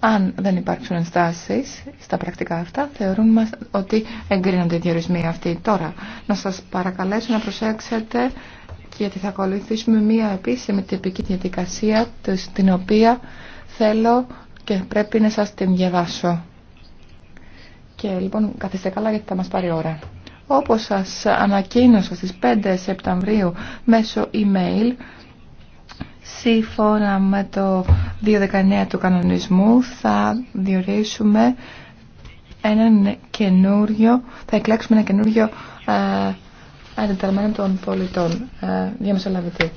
Αν δεν υπάρξουν ενστάσεις στα πρακτικά αυτά, θεωρούμε ότι εγκρίνονται οι διορισμοί αυτοί. Τώρα, να σας παρακαλέσω να προσέξετε γιατί θα ακολουθήσουμε μία επίσημη τυπική διαδικασία την οποία θέλω και πρέπει να σας την διαβάσω. Και λοιπόν καθίστε καλά γιατί θα μας πάρει ώρα. Όπως σας ανακοίνωσα στις 5 Σεπτεμβρίου μέσω email, σύμφωνα με το 219 του κανονισμού θα διορίσουμε έναν καινούριο, θα εκλέξουμε ένα καινούριο ε, αντιταλμένο των πολιτών ε, διαμεσολαβητή.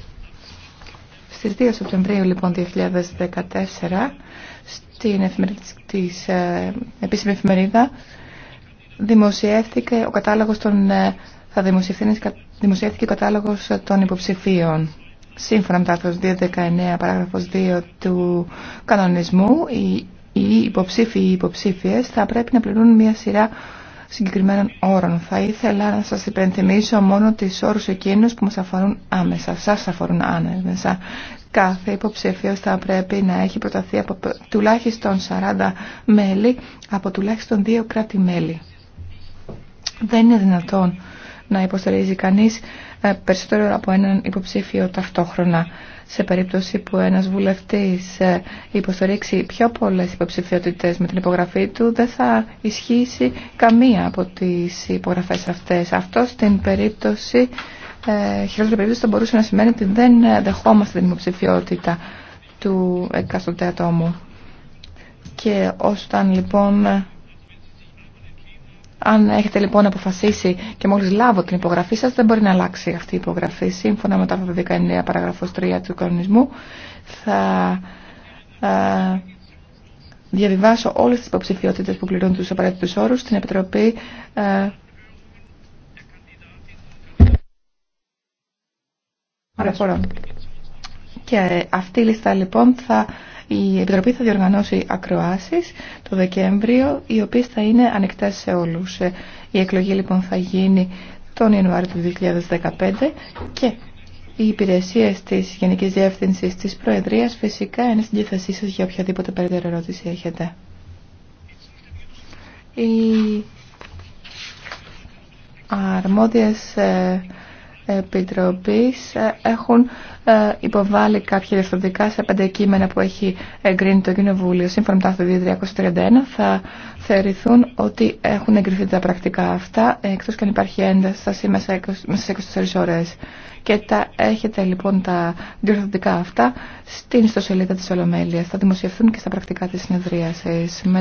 Στις 2 Σεπτεμβρίου λοιπόν 2014 στην εφημερίδα της, ε, επίσημη εφημερίδα δημοσιεύθηκε ο κατάλογος των θα δημοσιεύθηκε ο κατάλογος των υποψηφίων. Σύμφωνα με το άρθρο 219 παράγραφος 2 του κανονισμού, οι υποψήφοι ή υποψήφιες θα πρέπει να πληρούν μια σειρά συγκεκριμένων όρων. Θα ήθελα να σας υπενθυμίσω μόνο τις όρους εκείνους που μας αφορούν άμεσα, σας αφορούν άμεσα. Κάθε υποψήφιος θα πρέπει να έχει προταθεί από τουλάχιστον 40 μέλη, από τουλάχιστον 2 κράτη-μέλη. Δεν είναι δυνατόν να υποστηρίζει κανείς ε, περισσότερο από έναν υποψήφιο ταυτόχρονα. Σε περίπτωση που ένας βουλευτής ε, υποστηρίξει πιο πολλές υποψηφιότητες με την υπογραφή του, δεν θα ισχύσει καμία από τις υπογραφές αυτές. Αυτό στην περίπτωση, ε, χειρότερη περίπτωση, θα μπορούσε να σημαίνει ότι δεν δεχόμαστε την υποψηφιότητα του εκάστοτε ατόμου. Και όταν λοιπόν αν έχετε λοιπόν αποφασίσει και μόλις λάβω την υπογραφή σας, δεν μπορεί να αλλάξει αυτή η υπογραφή. Σύμφωνα με το 19 παραγραφός 3 του κανονισμού, θα ε, διαβιβάσω όλες τις υποψηφιότητες που πληρώνουν τους απαραίτητους όρου στην Επιτροπή ε, α, Και αυτή η λίστα λοιπόν θα η Επιτροπή θα διοργανώσει ακροάσεις το Δεκέμβριο, οι οποίες θα είναι ανοιχτές σε όλους. Η εκλογή λοιπόν θα γίνει τον Ιανουάριο του 2015 και οι υπηρεσίες της Γενικής Διεύθυνσης της Προεδρίας φυσικά είναι στην διάθεσή σα για οποιαδήποτε περαιτέρω ερώτηση έχετε. Οι αρμόδιες ε, Επιτροπής ε, έχουν ε, υποβάλει κάποια διευθυντικά σε πέντε κείμενα που έχει εγκρίνει το Κοινοβούλιο σύμφωνα με το άρθρο 2331 θα θεωρηθούν ότι έχουν εγκριθεί τα πρακτικά αυτά εκτός και αν υπάρχει ένταση μέσα, μέσα 24 ώρες και τα έχετε λοιπόν τα διευθυντικά αυτά στην ιστοσελίδα της Ολομέλειας θα δημοσιευθούν και στα πρακτικά της συνεδρίασης